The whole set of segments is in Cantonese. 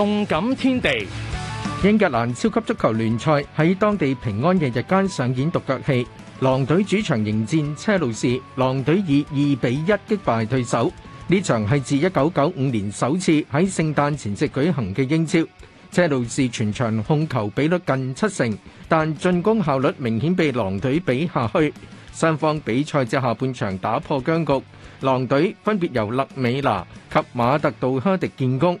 動感天地，英格蘭超級足球聯賽喺當地平安日日間上演獨腳戲，狼隊主場迎戰車路士，狼隊以二比一擊敗對手。呢場係自一九九五年首次喺聖誕前夕舉行嘅英超，車路士全場控球比率近七成，但進攻效率明顯被狼隊比下去。雙方比賽至下半場打破僵局，狼隊分別由勒美拿及馬特道哈迪建功。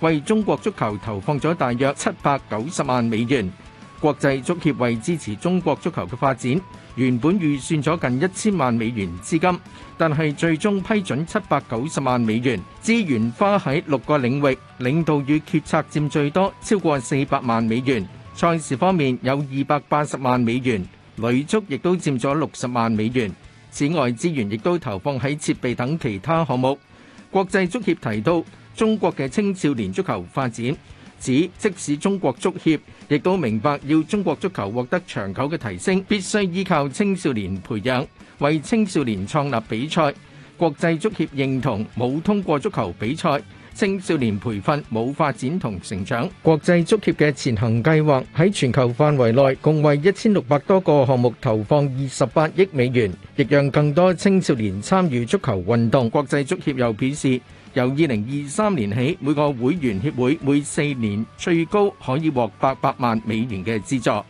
為中國足球投放咗大約七百九十萬美元。國際足協為支持中國足球嘅發展，原本預算咗近一千萬美元資金，但係最終批准七百九十萬美元。資源花喺六個領域，領導與決策占最多，超過四百萬美元；賽事方面有二百八十萬美元，女足亦都佔咗六十萬美元。此外，資源亦都投放喺設備等其他項目。國際足協提到：中國嘅青少年足球發展指，即使中國足協亦都明白，要中國足球獲得長久嘅提升，必須依靠青少年培養，為青少年創立比賽。國際足協認同冇通過足球比賽，青少年培訓冇發展同成長。國際足協嘅前行計劃喺全球範圍內，共為一千六百多個項目投放二十八億美元，亦讓更多青少年參與足球運動。國際足協又表示，由二零二三年起，每個會員協會每四年最高可以獲八百萬美元嘅資助。